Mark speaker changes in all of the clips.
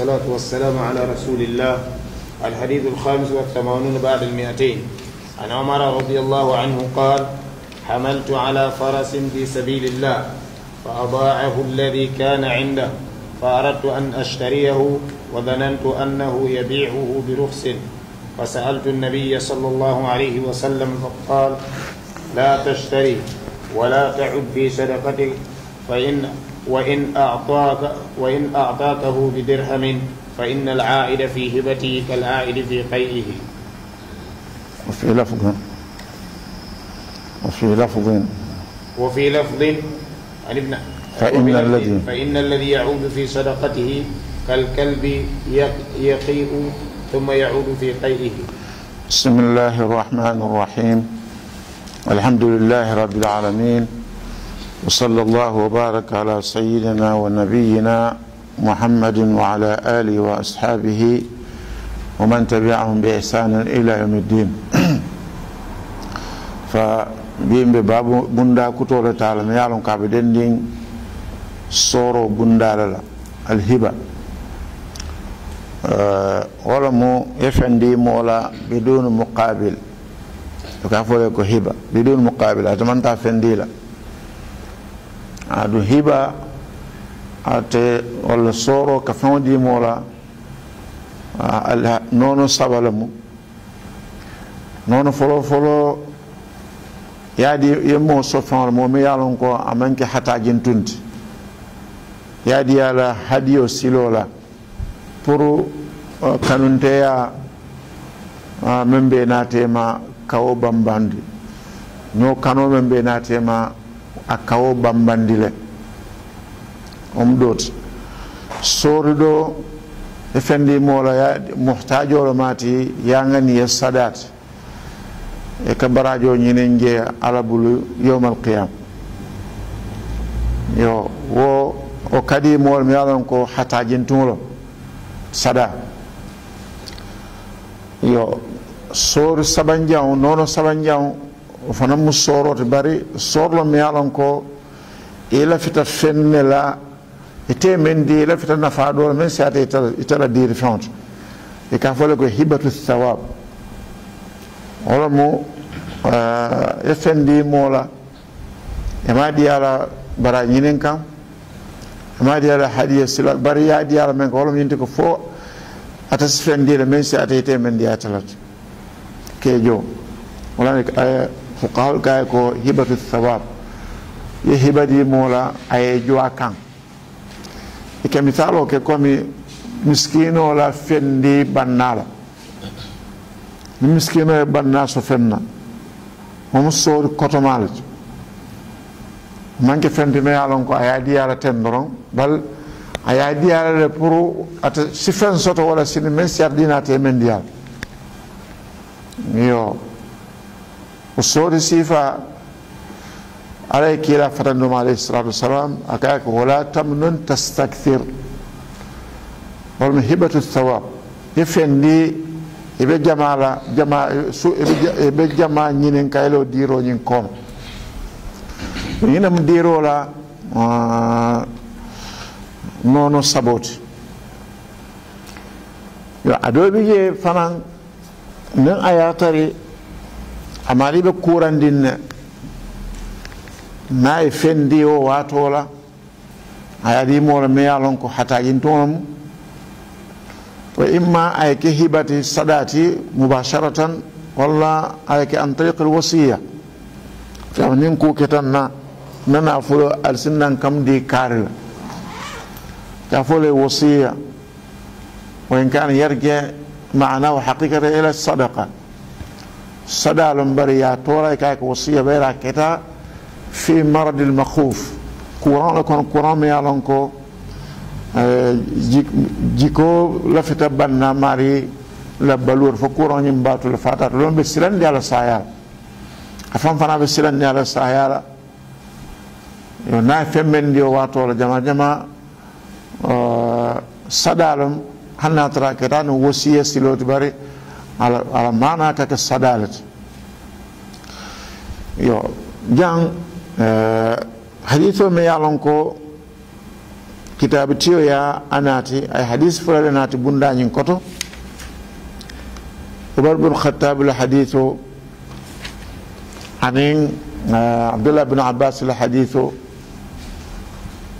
Speaker 1: والصلاة والسلام على رسول الله الحديث الخامس والثمانون بعد المئتين عن عمر رضي الله عنه قال حملت على فرس في سبيل الله فأضاعه الذي كان عنده فأردت أن أشتريه وظننت أنه يبيعه برخص فسألت النبي صلى الله عليه وسلم فقال لا تشتري ولا تعد في صدقتك فإن وإن أعطاك وإن أعطاكه بدرهم فإن العائد في هبته كالعائد في قيئه
Speaker 2: وفي لفظ وفي لفظ
Speaker 1: وفي لفظ عن ابن
Speaker 2: فإن الذي
Speaker 1: فإن الذي يعود في صدقته كالكلب يقيء ثم يعود في قيئه
Speaker 2: بسم الله الرحمن الرحيم الحمد لله رب العالمين وصلى الله وبارك على سيدنا ونبينا محمد وعلى آله وأصحابه ومن تبعهم بإحسان إلى يوم الدين فبيم باب بندا كتولة تعالى ميالون كابدين دين سورو بندا للا الهبة أه ولمو يفندي مولا بدون مقابل كافو هبة بدون مقابل أتمنى فندي لأ Adu hiba a wala soro ka fɛn di mɔɔ la saba le mu nɔɔnɔ fɔlɔfɔlɔ ya di ye mɔɔ sɔ fɛn la mɔɔ mi y'a lɔn kɔ a man kɛ tun tunti ya di ya la o silo la puru kanunteya min be te ma kawo banbandi n'o kano min be te ma akawo bambandile om ɗoot soruɗo e fendi moolo muhtajolo ya ngani ya sadat e ya ka barajo ñinen jeeya alabulu qiyam yo wo o kadi mool mi yalon ko hatajintuŋolo sada yo soru sabanjaŋ nono sabanjaŋ o fana mu sooro te bari sooro lo miŋ ye a loŋ ko i lafita feŋ ne la ite meŋ di i lafita nafaa doo la meŋ siyaata ite la diiri feŋo to i ka fo le ko hibatu thawab wo lo mu eh, ye feŋ dii moo la i maŋ diya la bara ñiniŋ kaŋ i maŋ diya la hadiya sila bari ye a la meŋ ka wo mu ñinti ko fo ata si feŋ dii la meŋ siyaata ite meŋ diyaata la to keejoo wala aya fuqahol gay ko hibatu sawab ye hibadi mola aye jowa kan ike misalo ke komi miskino la fendi bannala ni miskino ye banna so fenna momo soori kotomale to manke fendino yalon ko a yaadiyala ten doron bal a yaadiyala le pour ata si fen soto wala sini men siyat ɗinate men ndiyal yo kusori sifa alayki ila fadandu ma sallam, salatu wasalam akayak wala tamnun tastakthir wal mahibatu thawab ifendi ibe jamala jama ibe jama nyinen diro nyin kom nyinam diro la ah, nono saboti Ya adobi ye fanan nan ayatari amari ɓe kurandinne na e fendi o watola a yarimola me alon ko hatajintono tonam wa imma ay ke hibati sadati mubasharatan walla ay ke an tariq al wasiya fa min ku ketanna nana fulo al sinnan kam di karila ta fole wasiya wa in kana yarja معناه حقيقة إلى الصدقة صدال بريا تورا كاك وصية بيرا كتا في مرض المخوف كوران لكون كوران ميالونكو jiko lafita banna mari la balur fo kuroñim batul fatat lon be silandi ala sayal afam fana be silandi ala sayala yo na femmendi o watola jama jama sadalum hanna tara ketano wosiya siloti bari على معناتك السدالت yo jang eh, haditho me yalon ko kita tiyo ya anati ay eh, hadis fulale nati bundañin koto umar bin khattab la hadithu anin eh, abdullah bin abbas la hadithu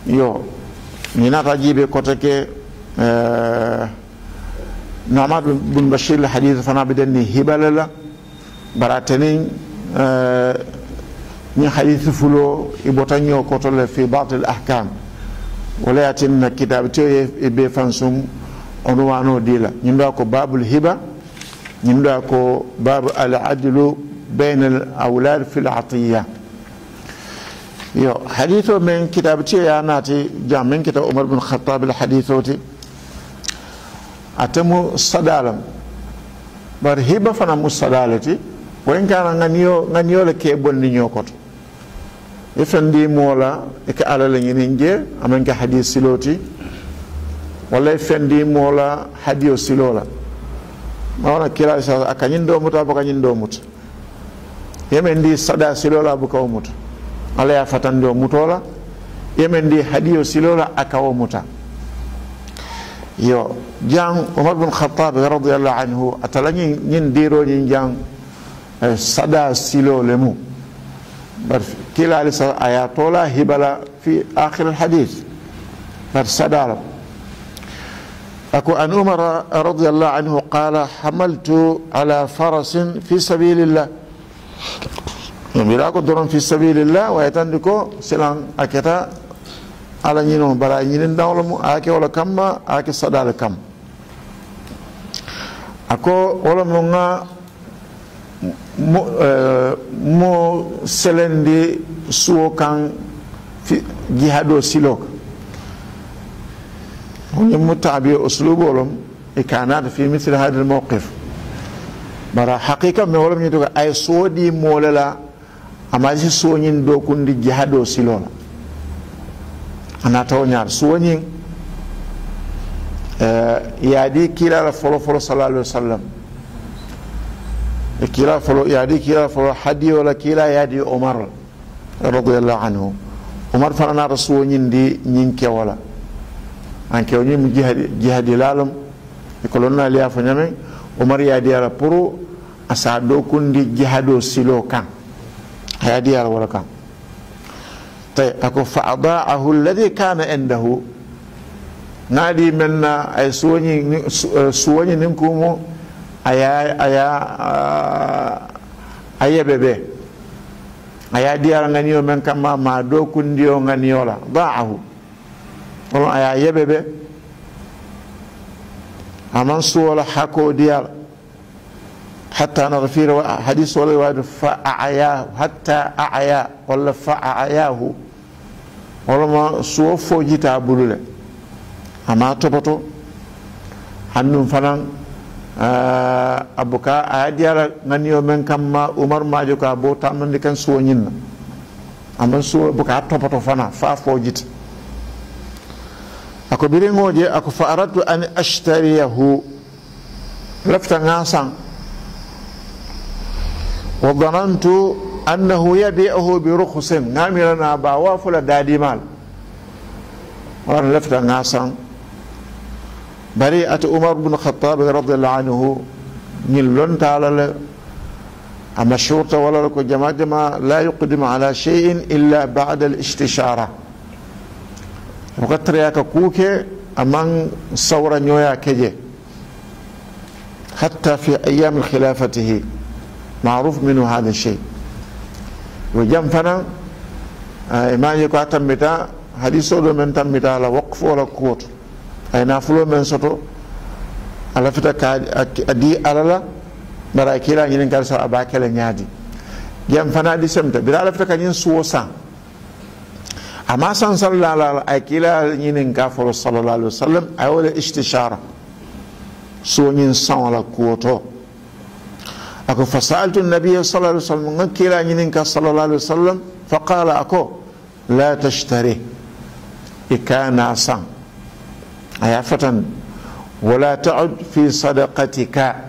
Speaker 2: yo minat nata jibe koto ke nomar bun bashir hadith fana be den ni hibala la baratani ni hadith fulo e botanyo ko to le fi ba'd al ahkam wala yatin kitab to e be fansum on wano dila ni ndo ko babul hiba ni ndo ko bab al adlu bain al awlad fi al atiyah yo hadithu min kitab ya nati jamin kitab umar bin khattab al hadithoti ate mu sadalam bari hiba fana mu sadala ti kana nganiyo nganiyo le ke bondi ñoo koto mola fendi moo la ka ala le ñinin je amaŋ ke hadiyo siloo ti walla i fendi la siloo mawana kira sa a do muta abo kañin do muta yemen sada siloo bu ka muta ala ya fatan do mutoo la yemen ndi hadiyo siloo la aka muta yo جان عمر بن الخطاب رضي الله عنه anhu نين ديرو نين جان سدا آه، سيلو لمو بر كلا kila آيات ولا hibala في آخر الحديث بر سدا أكو أن عمر رضي الله عنه قال حملت على فرس في سبيل الله بلاكو درون في سبيل الله ويتندكو سلام أكتا على نينو بلا نين داولمو آكي ولا كم آكي سدا لكم ako wolomo ga eh, mo selendi suwo kan jiha ɗo silo woni mutabi oslubu olom e kanata fi misre hadel mawqif bara haqiqa mi wolom ñitoga ay suwo ɗi moole la amaasi suwo ñin dokundi jiha ɗo silo la anataoñaar suwo ñing y'a di kira la fɔlɔfɔlɔ sallallahu alaihi wasallam kira fɔlɔ y'a di kira fɔlɔ hadiyo la kira y'a di umar radiyallahu anhu umar fana n'a rasuwo ñin di ñin kewo la an kewo ñin jihadi lalum ikolon na liya fo ñame umar y'a di ala pour a sa do kundi jihado silo kan a y'a di ala wala kan tay ako fa adaahu alladhi kana indahu naali men na ay suwoñi suwoñi eh, nin kumu aya aya a ah, yeɓe ɓe aya diyara ganiyo men kamma ma dow kundiyo ganiyola daahu kono aya yeɓe ɓe aman suwola hako diyala hatta nata fiira hadis ola waade fa aayahu hatta aaya walla fa aayahu holma suwo fojita bulule ama topoto hannum fanan abuka a yaadi ala ganiyo men kamma umar majo ka bo tammandi kan suwoñinna amma suwo buka topoto fana fa fojita ako biriŋoje ako fa aradtu an ashtariyahu lafta ŋa saŋ wa danantu annahu yabi'uhu bi rukhsin ŋa mirana ba wa fula daadimaal wara lafta ŋa saŋ bari'atu umar bin khattab radiyallahu anhu ñin lontaala le ama shurta wala ko jama jama la yuqdimu ala shay'in illa ba'da al-istishara wakatariya ka kuke aman saura ñoya keje hatta fi ayam khilafatihi ma'ruf minhu hadha shay wa jam fana imaji ko tambita hadiso do men tambita la waqfu wala kuwoto ay nafulo men soto ala fita ka adi alala bara kila ñinin kal sa aba kala ñaadi jam fana di semta bira ala fita ka ñin suwo san amma san sallallahu alaihi ay kila ñinin ka folo sallallahu alaihi wasallam ay wala istishara suwo ñin san wala kuwoto ako fasaltu nabiya sallallahu alaihi wasallam nga kila ñinin ka sallallahu alaihi wasallam faqala ako la tashtari ikana san ayafatan wala ta'ud fi sadaqatika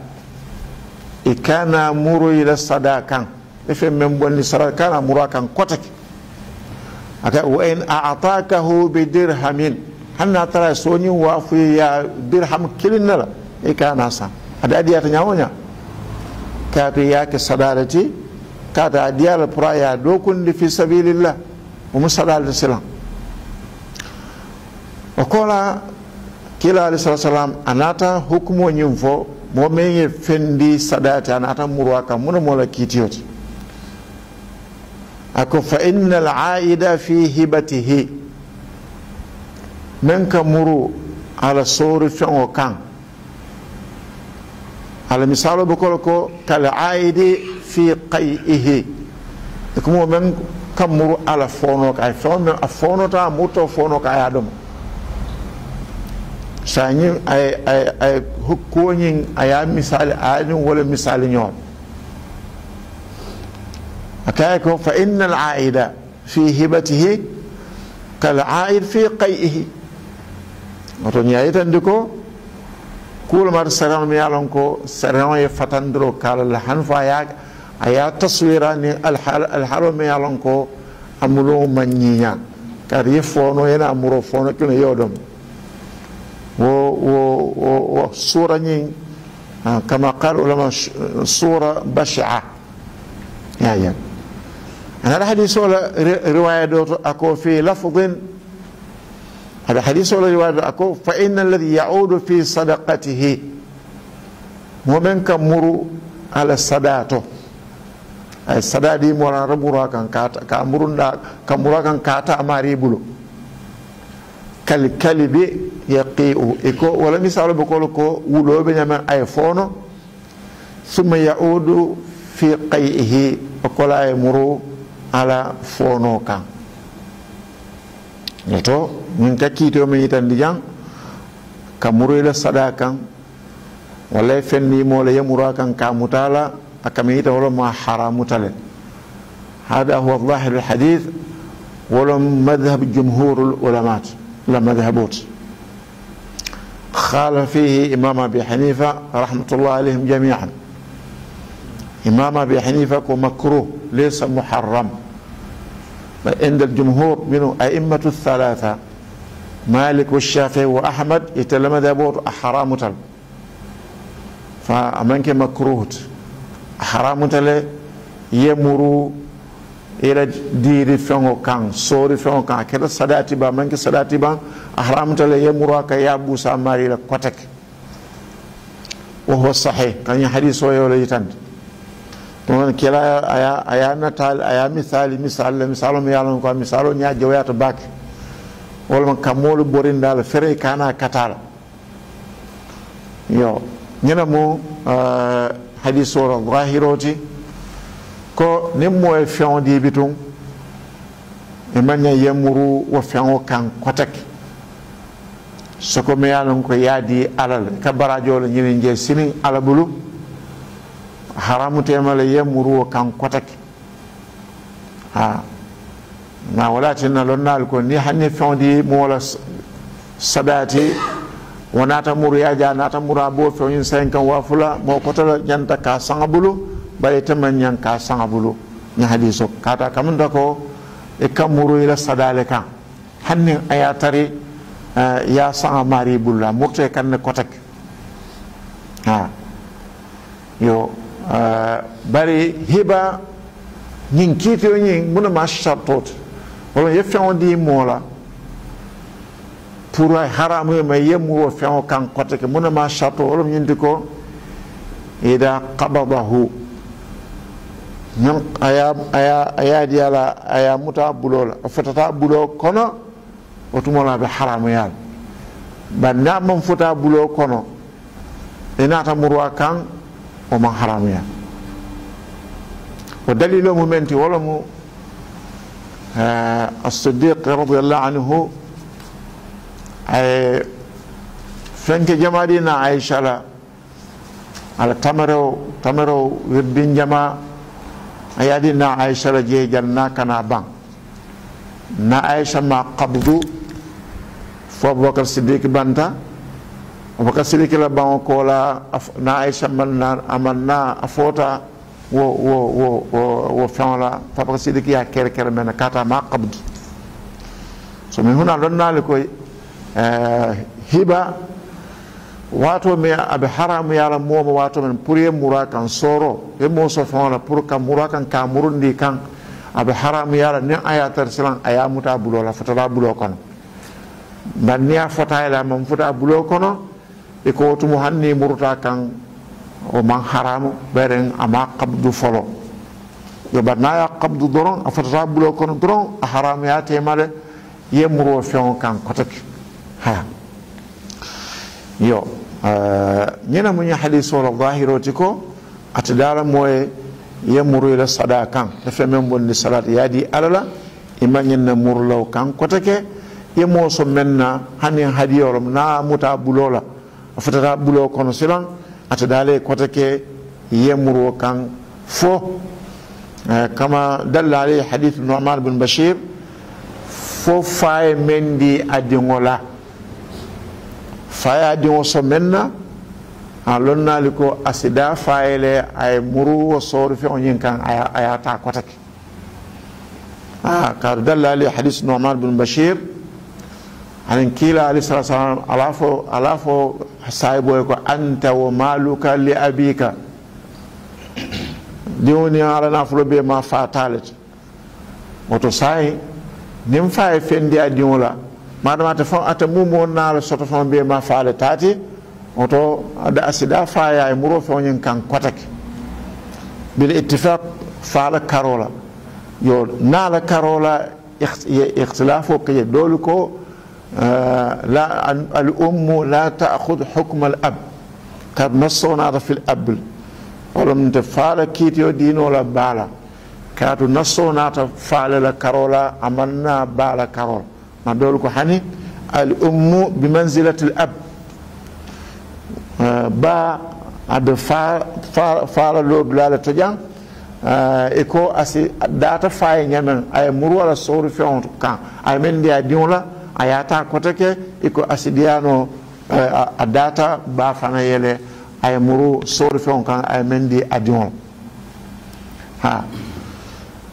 Speaker 2: ikana muru ila sadakan ife men bonni sadakana murakan kotaki aka wa in a'takahu bi dirhamin hanna tara soni wa fi ya dirham kilinna ikana sa ada adiya ta nyawonya kaatu yake sadalati kaata adiyala pura ya dokundi fi sabilillah umu sadalati kila alayhi salatu wasalam anata hukumo ñin fo mo fendi sadati anata murwa kam muna mola kiitiyoti ako fa inna aida fi hibatihi men muru ala sori feŋo kaŋ ala misalo be kolo ko fi qaihi, ikumo men kamuru muru ala fono ka fono, feŋo a fonota fono ka a ya sañi ay ay ay hokkoñin aya misali anin wala misali ñoon akaye ko fa inna al aida fi hibatihi kal aid fi qayihi oto ñayitandi ko kuulmata sareŋo mi ye lon ko sareŋo ye fatandiro kala la han fo aya aya taswira ni alhalo mi ye lon ko amuloo man ñiña kadi ye foono yena amuro foono kino yo domo والصورة نين آه، كما قال علماء الصورة بشعة يعني أنا الحديث ولا رواية أكو في لفظ هذا حديث ولا رواية أكو فإن الذي يعود في صدقته ومن كمر على صداته أي صدادي مولا ربورا كان كاتا كامرون كامورا كان كاتا أماري بلو كالكلب يقيئوا إكو ولم يسألوا بقول إكو ولو بنما أيفونو ثم يعود في قيئه أقول أمرو على فونو كان نتو من تكيد يوم يتن ديان كمرو إلى صداقا ولا يفني مولا يمرو كان كامتالا أكم يتن ولو ما حرام تلين هذا هو الظاهر الحديث ولم مذهب جمهور العلماء لم مذهبوت خالف فيه إمام أبي حنيفة رحمة الله عليهم جميعا إمام أبي حنيفة مكروه ليس محرم عند الجمهور منه أئمة الثلاثة مالك والشافعي وأحمد يتلم ذابور حرام تل فأمانك مكروه حرام تل يمرو era diiri feŋo kaŋ soori feŋo kaŋ a keta sadati ba maŋ ke sadati baŋ a haramta le ye muru a ka ye a buusa la koteke wo ho sahi kañum hadiseo yo le yitande ɗum noon kela aya aya natal aya misali misal le misal mi yalon ko misal o ña jewoyata baake wolma kammolu borindala fere kana katala yo ñina mo ah, hadis o no zahiroti ko ni moo ye feŋo diibi tuŋ i ma ña yemuru wo feŋo kaŋ kotake soko me ye a loŋ ko ye a le ka barajoo le ñiniŋ je siniŋ alabulu bulu haramutema le yemuru wo kaŋ kotake ha na wala tinna lon naal ko ni hanni feŋo di moo la sabaati wo naata muru ye a je a naata muru a boo feŋo ñiŋ sayiŋ kaŋ fula moo kotala la ñanta ka saŋa bulu bari teman yang ka sanga bulu nya hadiso kata kamun dako e kamuru ila sadale kan ayatari eh, ya sanga mari bulla mokto kan ne kotak ha yo eh, bari hiba ñing kiito ñing muna ma shartot wala ye on di mola pour ay haram ye yemu wo kan kotak muna ma shartot wala nyindiko ida qabadahu ñan aya aya ayaadi yala aya muta buloo la o fotata buloo kono o tumola ɓe haramuyaal bari nda man fota buloo kono e naata murwa kan oman haramuyaal o dalilo mumen ti wala mu الصديق رضي الله عنه fenke jama ɗina aicha la ala tamaro tamaro webbin jama a yadi na aisha raje janna kana ban na aisha ma qabdu fo abubakar siddiq banta abubakar siddiq la ban ko la na aisha manna amanna afota wo wo wo wo wo fɛn la fo abubakar siddiq ya ker ker men kata ma qabdu so min huna lon naali koy eh, hiba wato me abu haramu yara momo wato min pour ye mura kan soro ye mo so pour ka mura kan ka murundi kan abu haramu yara ni a silan a muta bulo la fatara bulo kono ban ni a fotayla man futa bulo kono e ko to muhanni muruta kan o man haramu beren ama kabdu folo yo bat ya kabdu doron a bulo kono doron a haramu yatemade ye muro fion kan kotak ha yo ñina mu ñi hadise wala zahiro ti ko ati dara moye ye muruyla sada kan te fe men bonni salat yaadi alala ima ñinna murulaw kan kote ke ye moo so men na hani hadiyorom na muta bulo la a fotata bulo kono silan ati daale kote ke ye muruwo kan fo eh, kama dalla alayhi hadith nu'man bin bashir fo faye men di fa y'a den wɔsɔ mɛnna a lɔnnaali ko a si daa muru wɔsɔɔri fɛnw yin kan a y'a taa kɔtɛ kɛ aa ah, kaari dalaali hadis nu'man bin bashir ani kiila ali sara sara ala fɔ ala fɔ saayibo ko anta wa maaluka li abika denw ni ala nafolo bɛ ma fa taale o to saa ye nin fa ye fɛn a denw la. madam ata fon ata mumo naala soto fon mbiyema faale taati oto ada asida faya e muro fewoñin kan kotake bil ittifaq faala karola yo naala karola ihtilafo kaye doolu ko لا الأم لا تأخذ حكم الأب قد نصونا في الأب ولم تفعل كيتيو دين ولا بالا كاتو نصونا فعل كارولا عملنا بالا كارولا ma dool ko hani al ummu bi mansilati l ab ah, ba ada faalalo bilala toƴan ah, e ko asi data faye ñamen aya muru ala sowru fewo to kan aya men ndiya diw la a yata kota ke eko asi ɗiyano eh, a data ba fana yele aya muru sowru fewo kan aya men ndi a diw la ha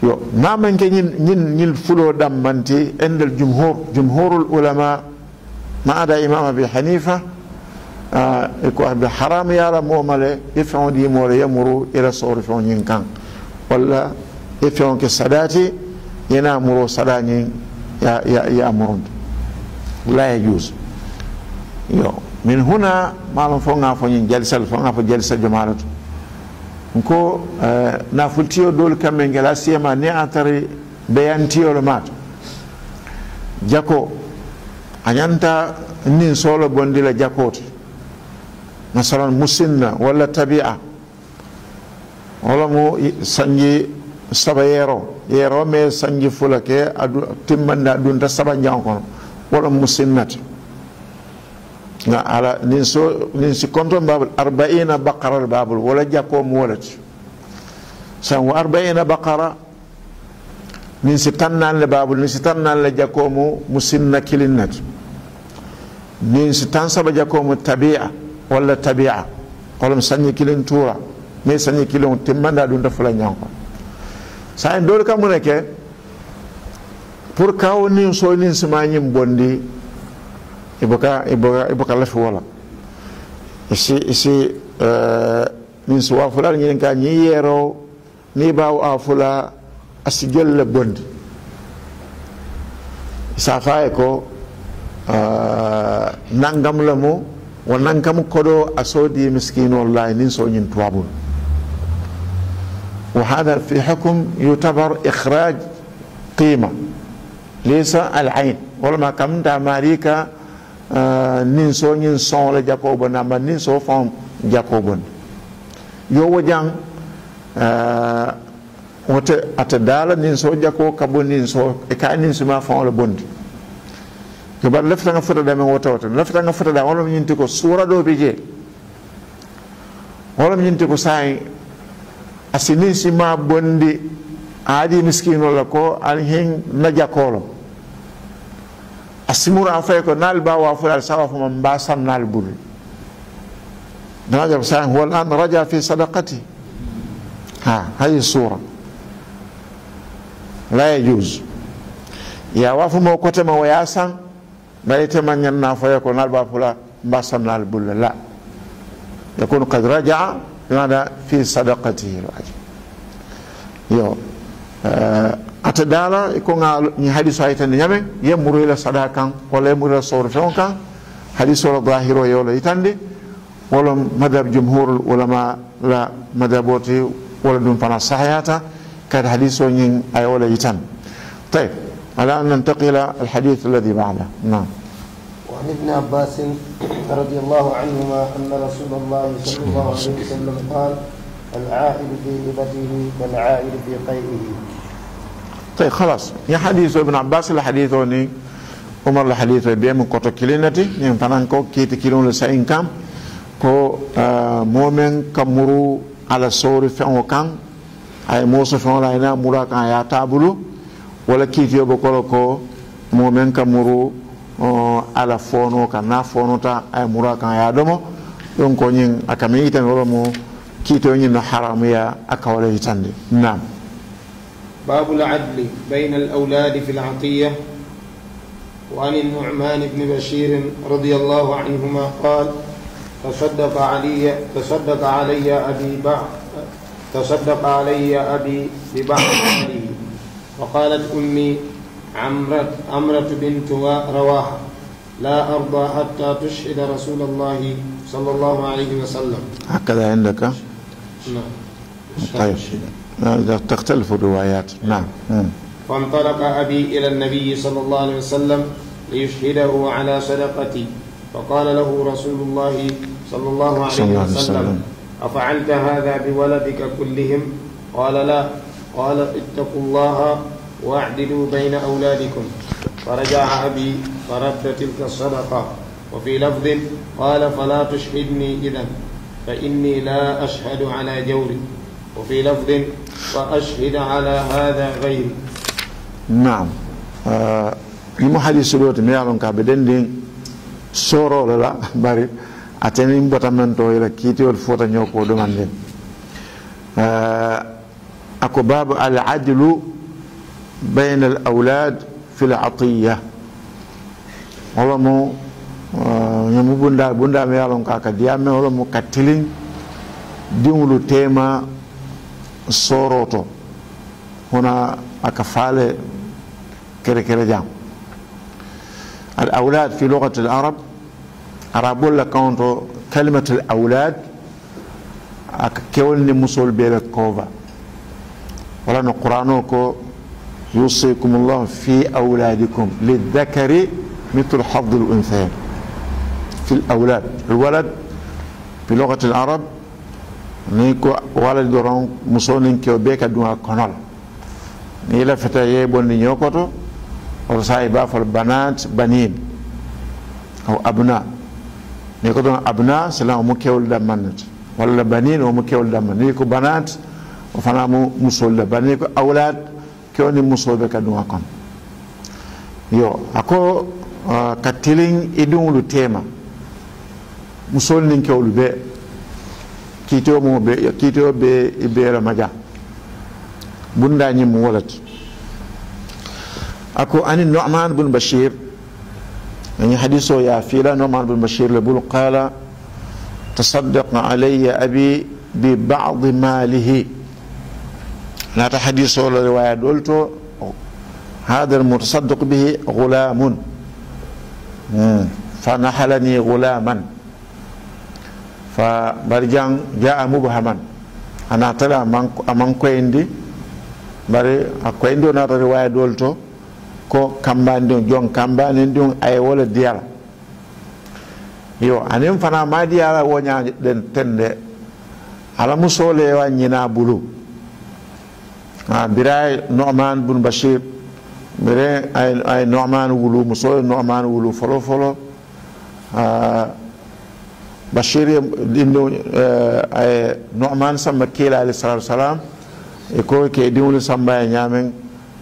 Speaker 2: yo ke ñin ñin ñil fulo dammanti endal jumhur jumhurul ulama ma ada imam abi hanifa ah, e ko abi haram yara momale e fewn di more yamuru ila sawr fon ñin kan walla e fewn ke sadati yana muro sadani ya ya ya amurun la yus. Ya yo min huna malum fon nga fon ñin jalsal fon nga fon jalsal jumaratu nko uh, eh, nafultiyo doolu kamɓe ngela siyema ni a tari beyantiyolo mato jako a ñanta nin soolo bondi la jakooti masalan musinna walla tabi'a wala mu sanji saba yeero yeero me sanji fula ke adu timmande a dunta saba jan kono wala musinnati nga ala nin so nin si konton babul arba'ina baqara babul wala jakko molati san wa arba'ina baqara nin si tannan le babul nin si tannan le jako mu musinna kilinnat nin si tan saba jako mu tabi'a wala tabi'a kolum sanni kilin tura me sanni kilin timmanda dun da fulan yanko sai dole kamune ke pour kawo nin so nin simanyin bondi يبقى لف ولا isi isi min suwa fula ngin ka ni yero ni baw a fula asigel le bondi sa faye ko nangam la mo wa nangam kodo asodi miskino wallahi nin so nyin tuwabun وهذا في حكم يعتبر إخراج قيمة ليس العين ولما كم داماريكا Ah, nin so ñin sõole jakobo namba nin so fõn jakobo ni yo wo jaŋ ah, wote ate daala nin so jako ka bo nin so e ka nin suma fõole bondi yo bara lefataŋa fotada meŋ wota wota lefataŋa fotada wala ñin ti ko suura doo be jee wala ñin ti ko saayi asi nin suma bondi aadi miskinola ko alhin na jakoolo a simura fay ko nal ba wa fulal sawa fo man ba san nal bul نرجع بسان هو الآن رجع في صدقته ها هذه الصورة لا يجوز يا واف ما كتم وياسا ما يتمنى ينافع يكون الباب فلا بصنا البل لا يكون قد رجع بمعنى في صدقته يو آه ata dala ko nga ni hadisu haytande ñame ye muroyla saɗa kan walla ye muroyla sowro fewo kan hadisolo dahiro yewlo yitande wala madhab jumhurul ulama la madhab oti wala ɗum fana sahayata kadi hadis o ñin ay wala yitan طيب على أن ننتقل الحديث الذي بعده نعم
Speaker 1: وعن ابن عباس رضي الله عنهما أن رسول الله صلى الله عليه وسلم قال العائد في هبته كالعائد في قيئه
Speaker 2: طيب خلاص يا حديث ابن عباس الحديث ني عمر الحديث بيم كوتو كلينتي ني فنان كو كيتي كيلون لسين كام كو مومن كمرو على صور فان كان اي موسى فان لا مرا كان يا تابلو ولا كيتي بكولو كو مومن كمرو على فونو كان فونو تا اي مرا كان يا دومو دونك ني اكامي تن ولمو كيتو ني حرام يا اكاولا يتاندي نعم
Speaker 1: باب العدل بين الأولاد في العطية وعن النعمان بن بشير رضي الله عنهما قال تصدق علي تصدق علي أبي بعض تصدق علي أبي ببعض مالي وقالت أمي عمرة عمرة بنت رواحة لا أرضى حتى تشهد رسول الله صلى الله عليه وسلم
Speaker 2: هكذا عندك نعم طيب تختلف الروايات نعم. نعم
Speaker 1: فانطلق أبي إلى النبي صلى الله عليه وسلم ليشهده على صدقتي فقال له رسول الله صلى الله عليه صلى وسلم, وسلم أفعلت هذا بولدك كلهم قال لا قال اتقوا الله واعدلوا بين أولادكم فرجع أبي فرد تلك الصدقة وفي لفظ قال فلا تشهدني إذا فإني لا أشهد على جوري وفي لفظ وأشهد على هذا غيري
Speaker 2: نعم imo hadise ɗo to mi yalon ka ɓe ɗenɗin soroɗo la bari a teni mbota men to yela kiitiyol fota ñowko ɗuman ndin ako babu al adlu bayna al aulad fi l atiya holo mo ñomu bunda bunda mi yalon ka ka diyamme holo mo ka tilin diŋolu tema soroto هنا أكفالة كده كده جام الأولاد في لغة العرب أرابولا كونتو كلمة الأولاد أككولني مصول بيلا كوفا ولا نقرانوكو يوصيكم الله في أولادكم للذكر مثل حظ الأنثيين في الأولاد الولد في لغة العرب ni ko wala doron muso nin ke be ka dun konol ni la fata ye ni nyokoto o sai ba fal banat banin o abna ni ko don abna sala mu kewul da manat wala banin o mu kewul da manat ni ko banat o fana mu muso la banin ko awlad ke kewni muso be ka dun kon yo ako uh, katilin idun lu tema musol nin kewul be كيتو mo be kiiteo be ibeera maja bunda ñim mo walat ako ani nu'man يعني حديثه يا فيلا نعمان بن بشير لبول قال تصدق علي أبي ببعض ماله لا تحديثه لرواية دولته هذا المتصدق به غلام فنحلني غلاما fa mbar jang jaa mubahaman ana tawi a mankoyendi mbare a koyendi o natati waya dool to ko kambani ndi on jon kambani ndi on ayewola diyala yo anin fana ma diyala woñaden ten de ala musolewa ñina bulu a biray noman bun bachir mbire ay noman wulu musole noman wulu folo folo uh, bashir ɗinɗo eh, noman samba kila alayhi salatu wasalam e ko ke diwlu samba ya ñamen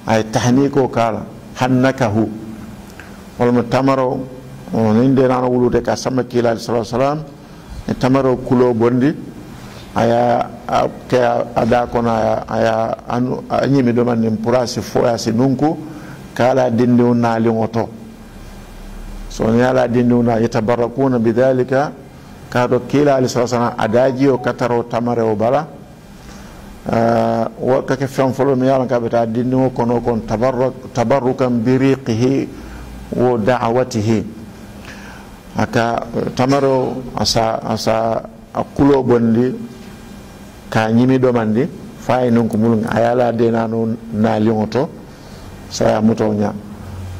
Speaker 2: ay tahniko kala hannakahu walmo tamaro nin ndenano wulude ka samba kila alayhi salatu wasalam e tamaro kulo bondi aya ke ada kono aya a ñimi ɗuman nin pourasi foyasi nunku kala dindiw naaliŋo to so ni ala dindiw na yetabarakuna bidalika kaɗo kiila ali adaji o kataro tamare o bala uh, kake fen folo mi kaɓe ta kono kon tabarrukan bi riqihi wo da'awatihi aka uh, tamare o asa asa a kulo bondi ka ñimi ko a yala denano naaliŋo to saya muto ña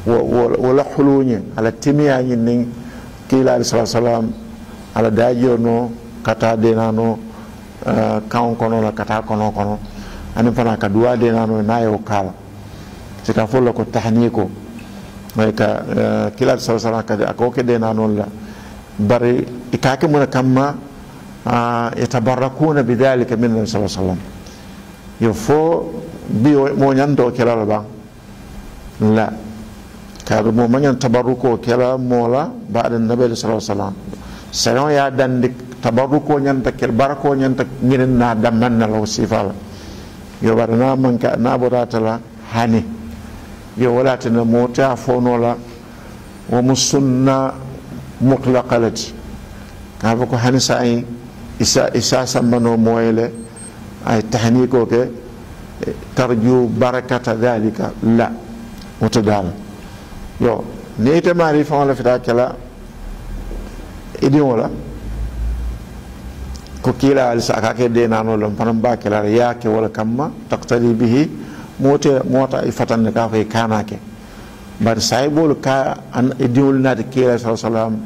Speaker 2: wo, la huluñe ala timiyañin nin ali sallam ala daajio no kata taa dena no uh, kaŋo kono la kata kono kono aniŋ fana ka duwa dena no naŋ ye wo kaa ka eh, ko tahaniko ka uh, kila sa sala ka ko ke dena no la bari i ka ah muna kamma uh, eh, yatabarakuna bidhalika min nabi yo fo bi mo ñanto kela la baŋ la kaatu mo mañan tabaruko kela mola la baada nabi sallallahu alaihi wasallam sayon ya dandi tabarruko ñanta kel barako ñanta nginen na damman na law sifala yo man ka na borata la hani yo walata na mota fono la wa musunna mutlaqalati ka ko hani sai isa isa sambano moyle ay tahniko ke tarju barakata dhalika la wata yo ne ita mari fa wala wala eh, ko kila al sa ka ke deenaanolon param ba ke la ya ke wala kamma taqtali bihi mota mota ifatan ka fe kana ke ke bar bol ka an diŋolu naati de sa sallam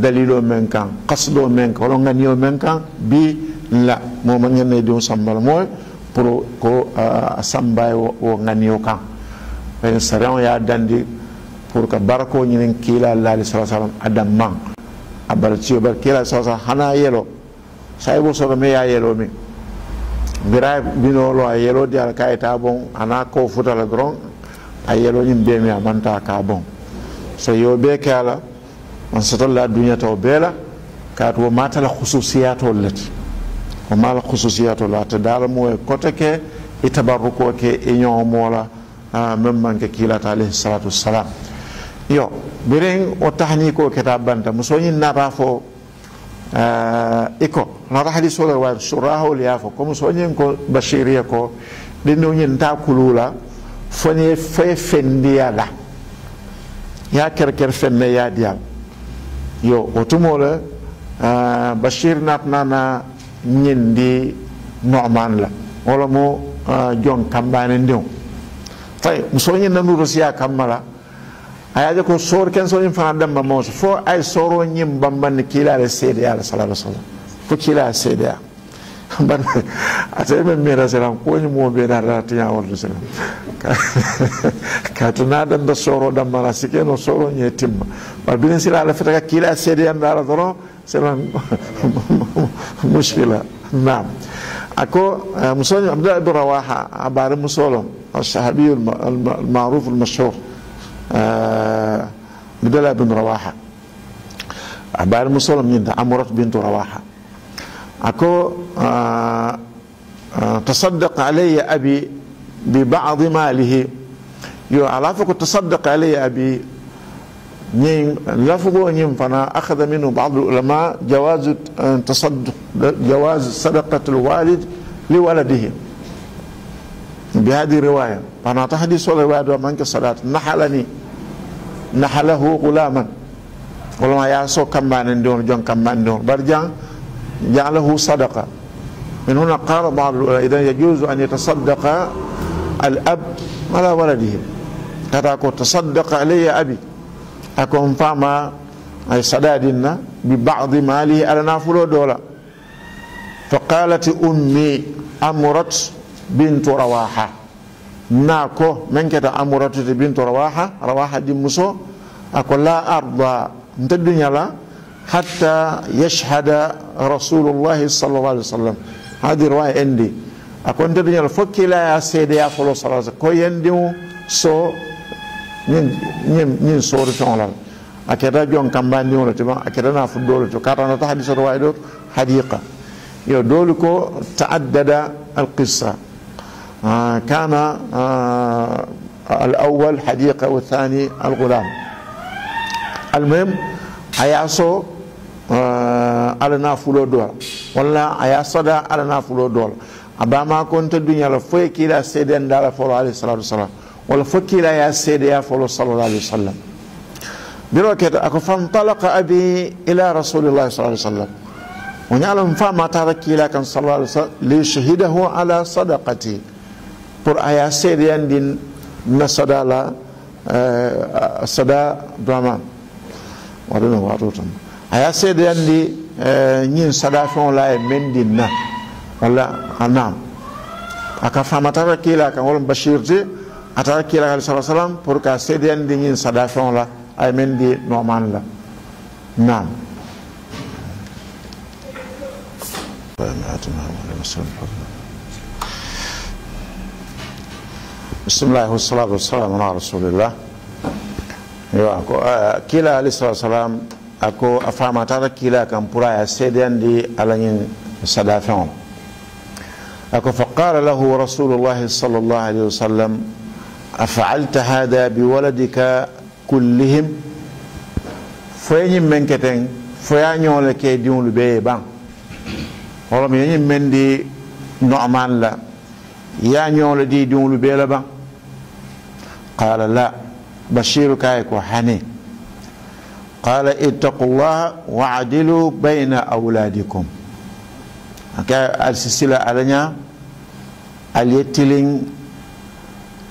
Speaker 2: dalilo men kan kasdoo men ko lo ngani men kan bi la mo ma ngene i diŋo samba la pour ko sambay eh, sambaye wo ŋaniyo kaŋ sariyaŋo ye ya dandi pour ka barakoo kila kiila laali sa mang. a bar bari kila sasa hana yelo sai e bo soga me ya yelo mi bira e bino lo a yelo di al kai e bon ana ko futa la gron a yelo nyim be mi amanta ka bon so yo be kala on to la dunya to bela ka to mata la khususiyato lati o mala khususiyato la ta dal mo e kota ke itabarruko ke e nyomo la a memman ke kila ta alayhi salatu wassalam yo birin o tahni ko keta banta musoñin nata fo uh, eh, iko nata hadisole wa surahol ya fo ko musoñin ko bashiriya ko ɗinnoñin ta kulula fone fe fendiya la ya kerker fenne ya diyam yo o tumole uh, bashir natnana ñindi noman la wala mo uh, eh, jon kambane ndiw tay musoñin nanuro siya kamma la ayaje ko sor ken so imfa damba mawso fo ay soro nyim bamban kila re sede ya sallallahu alaihi wasallam fo kila sede ya ban atay men mera ko ni mo be da ya wal ka dan da soro sike no soro nye timma ba bin sila la fitaka kila sede ya dara doro salam mushkila na'am ako eh, musonyo abdullah ibn rawaha abare musolom الصحابي آه، بدلا بن رواحة عبار المسلم يند عمرت بنت رواحة أكو آه، آه، تصدق علي أبي ببعض ماله يو على تصدق علي أبي نين لفظه نين فنا أخذ منه بعض العلماء جواز تصدق جواز صدقة الوالد لولده بهذه الرواية أنا فأنا تحديث رواية منك صلاة نحلني نحله غلاما ولما يعصو كما ندون جون كما دون برجع جعله صدقة من هنا قال بعض إذا يجوز أن يتصدق الأب على ولده كذا تصدق علي أبي أكون فاما أي صدادنا ببعض ماله أنا نافلو دولا فقالت أمي أمرت bintu rawaha nako ko men keta amuratute bintu rawaha rawaha di muso ako la arda nte la hatta yashhada ya Rasulullah Sallallahu Alaihi Wasallam, hadi rawai endi ako nte fokila ya kilaya seedeya folo sala ko yendi so ñin soori feŋolal a keta jon kambandiŋo le tima a keta na fu doolu to katanata hadisa riwaya ɗo hadiqa yo doolu ko taaddada qissa آه، كان آه، الأول حديقة والثاني الغلام المهم عياسو آه، على نافلو دول ولا عياسو على نافلو دول أبما كنت الدنيا لفوكي لا سيدين دار فولو عليه الصلاة والسلام ولفوكي لا يا سيدي فولو صلى الله عليه وسلم بروكت أكو فانطلق أبي إلى رسول الله صلى الله عليه وسلم ونعلم فما تركي لكن صلى الله عليه وسلم ليشهده على صدقتي por ayase dian din nasadala la eh, sada brahma wadana warutan Ayase dian di nyin sada fon la mendin na wala anam aka famata rakila ka wala bashir ji atara kila kan salam por ka di nyin sada fon la ay mendi no normal la nam Bismillahirrahmanirrahim. بسم الله والصلاة والسلام على رسول الله. يو أكو كلا عليه الصلاة والسلام أكو أفهم ترى كلا كم برا يسدين دي على نين سدافعون. أكو فقال له رسول الله صلى الله عليه وسلم أفعلت هذا بولدك كلهم فين من كتن فين يولي كي ديون لبي بان ولم ينين مندي نعمان لا يعني يولي دي ديون لبي لبان قال لا بشيرك هيك وحني قال اتقوا الله وعدلوا بين أولادكم السلسلة ألنيا اليتلين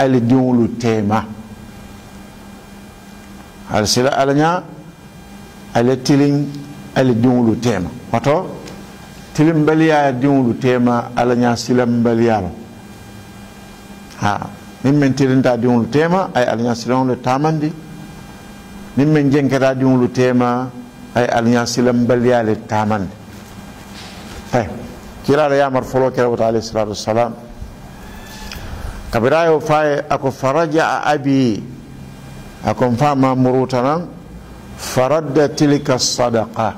Speaker 2: الدول تيمة السلسلة ألنيا اليتلين الدول تيمة وطو تلم بليا الدول تيمة ألنيا سلم بليا ها min min tirinta diŋolu tema a ye aliñasilaŋolu tamandi min min jenketa diŋolu tema a ye aliñasilanbaliya le tamandi ay kila la yamar folo kela wota alayhi salatu wassalam kabira yo faye ako faraja abi ako fa mamuruta nan faradda tilka sadaqa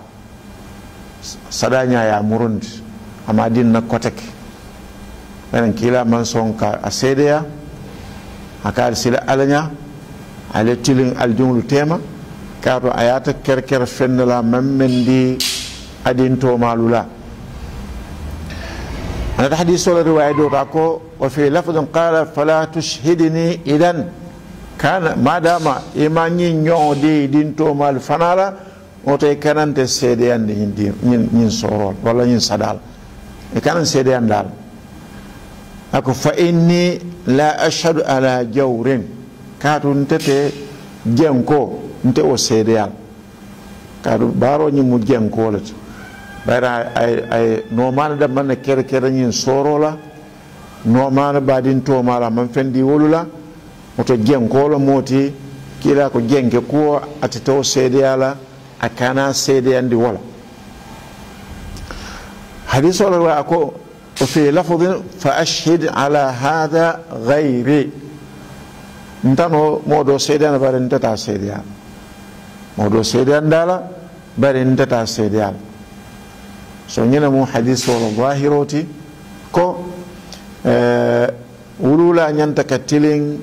Speaker 2: sadanya ya murundi amadin na kotake ɗanen kila man sonka ka aka al sila alaña ale tilin aljunglu tema kato ayata kerker fennala mammen ndi adintomalu la anata hadis ola riwaya dota ko wa fi lafdin qala fala tushhidni idan kana madama ima ñin ñoo de dintomalu fanala otoy kanante seedeyande ñin sorol walla ñin sadal e kanan seedeyandal ako fa inni la ashhadu ala jawrin kaatu ntete jenko nte wo seedeyal kaatu baaro ñin mu jenko le ti bayira ay noomaana damanna kere kere ñiŋ sooro la noomaana baadin tooma la man fen di wolu la woto jenko le mooti kiila ko jenke kuwo atete wo seedeya la a kana seedeyandi wo hadiso le a وفي لفظ فأشهد على هذا غيري انت نو موضوع سيدان بار انت تا سيديان موضوع سيدان دالا بار تا سيديان سو مو حديث ولا ظاهروتي كو آه، ولولا نينتا كتلين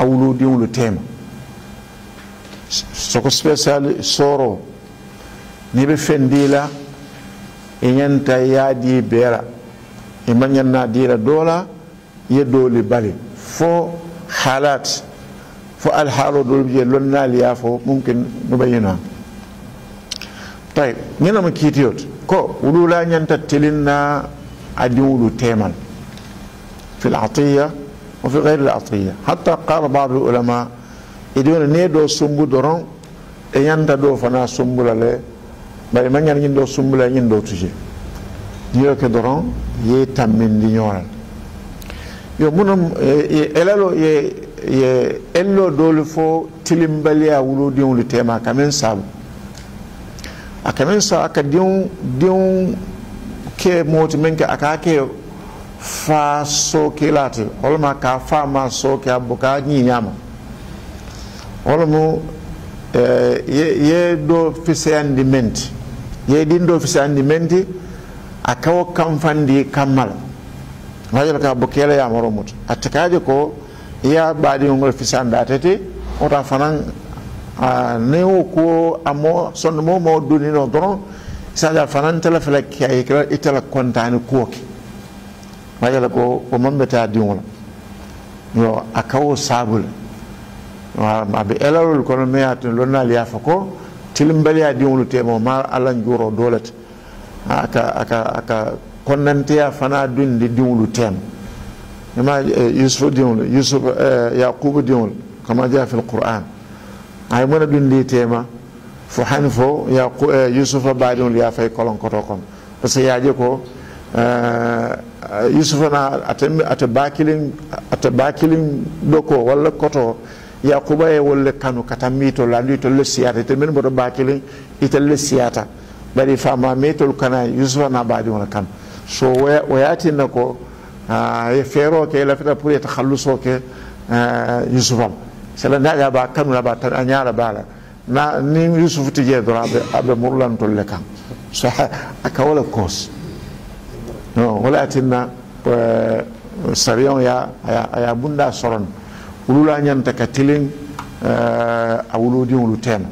Speaker 2: اولو ديون لو تيم سوكو سبيسيال سورو نيبي فنديلا iñanta yaadi beera ima ñanna diira doola ye dooli bali fo halat fo alhaalo dol je lonnaaliya fo mumkin nubayina tayib ñenama kiitiyot ko wulula ñanta telinna a diwulu teman fi latiya وفي غير العطية حتى قال بعض العلماء إدون نيدو سمبو درون إيان تدو فنا سمبو للي bari ma ñan ñin do sumbula ñin do tuji diyo ke doron ye tammin di ñoral yo munum ye e, elalo ye ye ello dolu fo tilimbaliya wulo diŋolu tema a kamen saabu a kamen sa aka diŋ diŋ ke mooti meŋ ke a kaa ke faa sooke laati walama kaa faa maa sooke a bo kaa ñiiñaama walamu e, ye ye do fiseyandi menti yeydin ɗo fisandi menti ya iya a kam kamfandi kamal. wajal ka ya ya moromut attakaje ko ya ɓaɗimogol fisanda tati wota fanan ne wo ko amo son mo mo dunino doron sadia fanan tela fela kayi kala itala kontani kuwoke wajal ko ko mambeta diŋola yo sabul. kawo ma be elalul kono mais atin lonnaali tilimbaliya diŋolu temo ma alan juro dolete aka aka aka konnanteya fana dundi diŋolu tem ima yusuf diŋolu yusuf yaqubu diŋolu kama ja fi lquran ay mona dundi tema fo hani fo yusufa baadiŋolu ya fay kolonkoto kono parce que yaje ko yusufa na ate bakiliŋ ate bakiliŋ doko walla koto yakuba ye wolle kanu ka miito la andu itolu le siyata itolu menu boto baa kiliŋ itolu le siyata bari faama me kana yusufa na baadiŋo le kanu so wo ye a tinna ko ye feeroo ke lafita pour ye takhallusoo ke yusufa la sela niŋ a ye a baa kanu a ñaa baa la na niŋ yusufu ti jee doroŋ a be le kaŋ so a ka wo le koos wo le ye a tinna sariyaŋo ye bunda sorondi wolu la ñanta ka tiliŋ a wuludiŋolu teema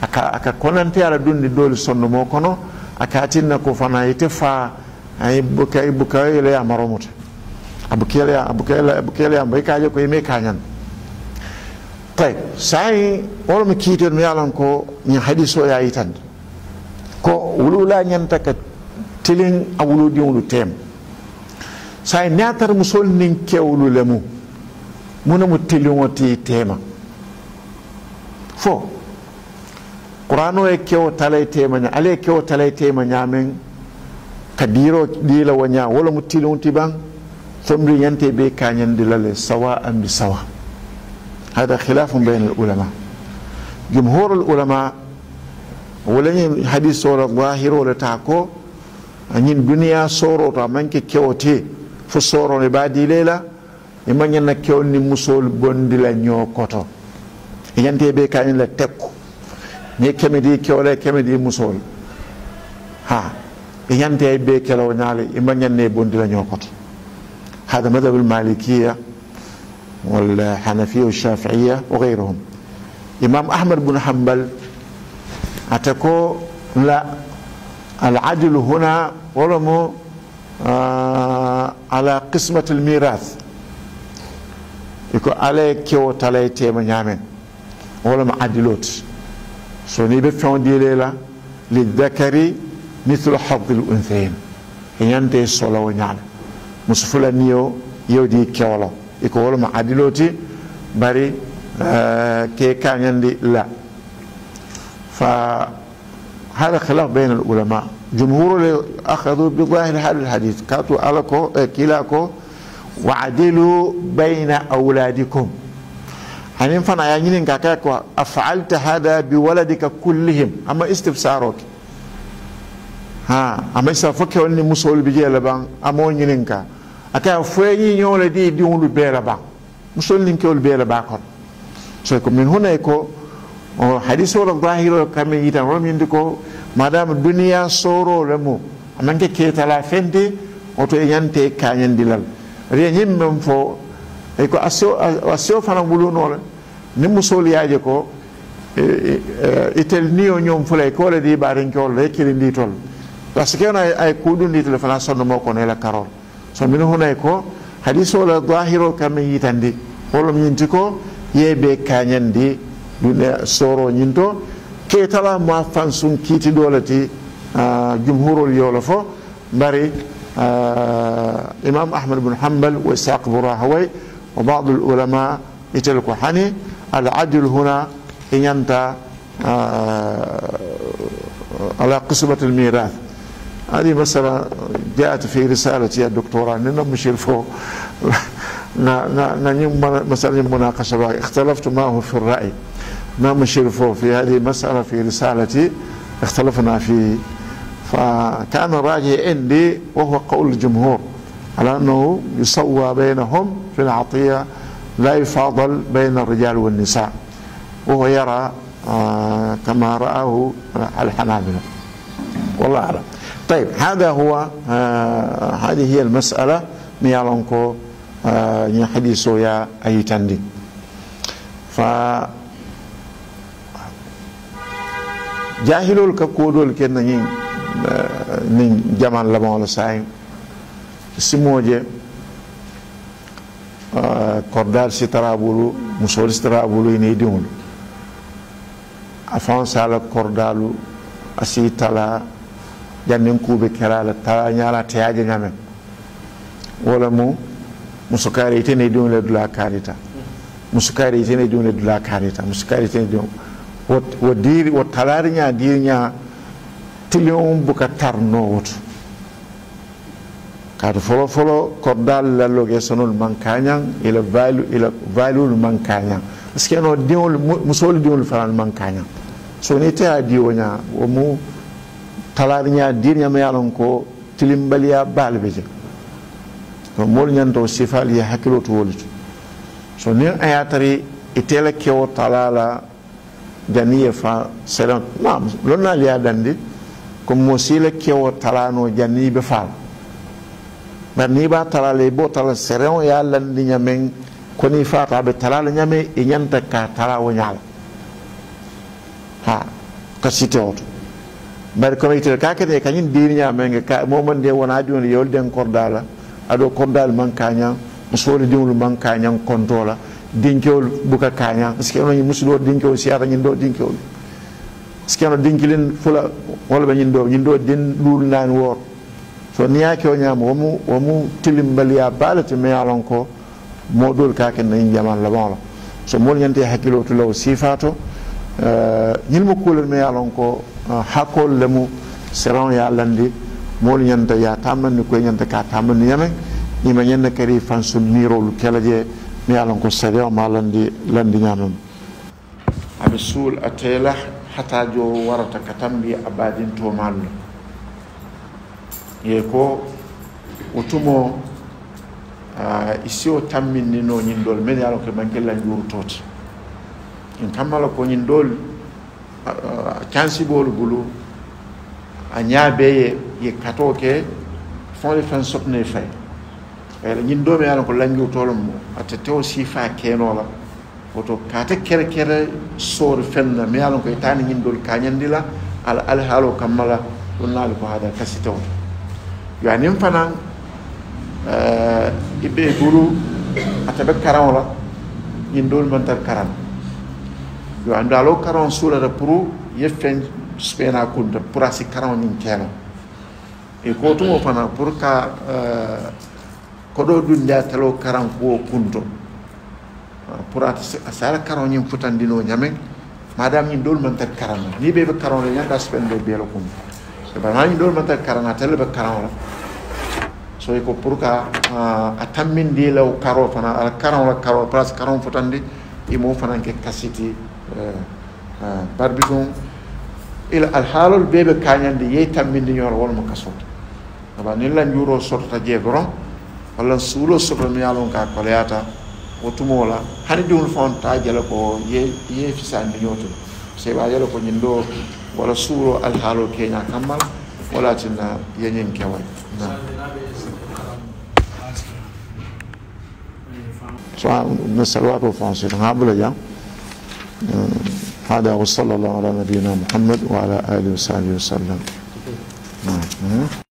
Speaker 2: aka aka konante ala dundi doolu sondomo kono aka atinna ko fana ite faa ay buka buka ile ya maromuta abukele ya abukele abukele ya mbaika aje ko ime kanyan tay sai wala mu kite no yalan ko ni hadiso ya itan ko wulula nyanta ka tilin awuludin wulu tem sai nyatar musol nin kewulu lemu munamu tiliŋo ti tema fo qur'ano ye kewo tala ye tema ña ala ye kewo tala ye tema ñameŋ ka diiro diila wo ña wo lomu tiliŋo ti baŋ fombiri ñante be kañandi la le sawa an bi sawa hada khilafun bayna al ulama jumhurul ulama wolañin hadis ola zahiro le ta ko ñin duniya soro to amanke kewo te fo sorone ba diile la imanyana ni musol gondila ñokoto yante be kañen la tekku ni kemi di la kemi di musol ha yante be kelaw ñaale imanyanne bondila ñokoto هذا مذهب المالكية والحنفية والشافعية وغيرهم إمام أحمد بن حنبل أتكو لا العدل هنا ولم آه على قسمة الميراث iko ala kewo tala ye tema ñaamen wolama addilooti so ni ɓe fewndile la lidakari mithlu habdil unthayin e ñante e solowo ñaame muso fulani o yewdi kewlo iko wolama addilooti bari ke kañandi la fa hada khilaf bain al ulama jumhurule akhadu bi zahir hada al hadith katu ala ko kila ko wa'adilu bayna awladikum ani fana ya ɲini ka kɛ ko afalta hada bi waladika kullihim an ma istifsaro kɛ ha an bɛ sa fo kɛwale ni musowolu bi jɛ laban an m'o ɲini ka a kɛ fo ye ɲɔgɔn le di denwolu bɛɛ laban musowolu ni kɛwolu bɛɛ laban kɔnɔ so ko min hona ko o hadisi wala zahiro kamin yita wala min ko madam duniya soro le mu amanke ketala fende oto e yante kanyandilal dilal rien min fo e ko a bulu wulunola ni musoliyaje ko e, e, e, itel niyo nyom fulay ko le di barin ko le kiri ni tol parce que na ay kudu ni tol fana sonno mo ne la karol so min hunay ko hadiso la zahiro kam yitandi wolo yinti ko yebe kanyandi dune soro nyinto ke tala ma fansun kiti dolati jumhurul yolo fo bari الإمام آه، أحمد بن حنبل وإسحاق بن راهوي وبعض العلماء مثل حني العدل هنا إن ينتهى آه، على قسمة الميراث هذه مسألة جاءت في رسالتي الدكتوراه لنا مشير فوق مسألة مناقشة اختلفت معه في الرأي ما مش في هذه مسألة في رسالتي اختلفنا في فكان الراجع عندي وهو قول الجمهور على أنه يسوى بينهم في العطية لا يفاضل بين الرجال والنساء وهو يرى آه كما رآه الحنابلة والله أعلم طيب هذا هو آه هذه هي المسألة ميالونكو آه حديثه يا أي تندي ف جاهلوا الكودول كنني ni jaman la sayin simooje si moje bulu musool sitara bulu ina diŋolu a faŋo se a la kordaalu a si tala janniŋ kuu be la tala nyala teyaje nyame wala mu musukari ite ne diŋo le dula karita musukari ite ne diŋo le dula karita musukari ite ne diŋo wo diri wo talari nya diri nya tiliŋo buka tar woto kaatu folo folo koridaalu la logesonolu maŋ kañaŋ ila ila vaaluolu maŋ kañaŋ parce no diol musoolu diŋolu so ni te a di wo ñaa wo mu talaari ñaa ye loŋ ko tilimbaliya be je moolu ye hakkiloo to wolu so niŋ a ye tari ite la kewo talaa la janni ye fa sereŋ naam lona ye dandi comme mo sila kewo talano janni be faal bar ni ba talale bo tala sereŋo ye a landi ñameŋ koni fata be talala ñame i ñanta ka tala wo ñala ha ka site oto bari kono itel ka kete ka ñin diini ñamenge ka momande wona joni yewol den kordala aɗo kordal man kaña musole diŋolu man kañan kontola dinkewol buka kaña parce que onoñi musidoo dinkewol siyata ñin ɗo dinkewol sikano dinkilin fula wala ñin do ñin ɗo din nan woor so ke o ñama womu tilim tilimbaliya baalete me alon ko moɗol kaken nayin jaman bon so mol ñante hakilo to law sifato eh, mo kuulen me alon ko eh, le lemu seron ya landi mol ñante ya tamanni koye ñante ka tamanni yamen ima ñanna kadi fansu miro kela kelaje me alon ko sariya ma landi landi ñamem abisul suul a teela hatajo warata ka tambi a badintomal no ko o isio isi o tamminnino ñin ɗol men yaalo ko mankella juurtote en kammala ko ñin ɗol cansiɓolu bulu a ñaabeye ye kato ke fon le fen sotne fay eyla ñin ɗo mi yaalo ko lanjuurtolom mo a tettewo sifa kenola koto kate kere kere sor fen la mais alon ko itani ñindol kañandi la ala alhaalo kamma la wonnaali ko hada kasito yo mfana fanan eh, iɓe guru ataɓe karaŋo la ñindol mantar karan yo andalo alo sura da pour ye fen spena kunta pour si karaŋo e ko tumo fana pur ka eh, koɗo dunde a talo karan ko kunto pour asara karon ñim futandino ñameng madame ñin dol man tar karana ni be be karon le ñanda spendo belo kum e bana ñin dol man tar karana tel be karon la so ko pour ka a ah, tammindi law karo fana ala karon la karo pras karon futandi i mo fana ke kasiti eh, ah, barbitum ila alhaalol be be kañande yey tammindi ñoro wolmo kasota aba ni lan juuro sotota jeegoron walla suulo sotota mi yaalon ka kolayata wo hani dun faŋo taa je ko ye ye fisan ni yoto se ba ye ko nyindo wala suro al halo kenya kamal wala tinna ye ñiŋ kewa na salwa ko نسألوات وفانسي هابل يا هذا وصلى الله على نبينا محمد وعلى آله وصحبه وسلم نعم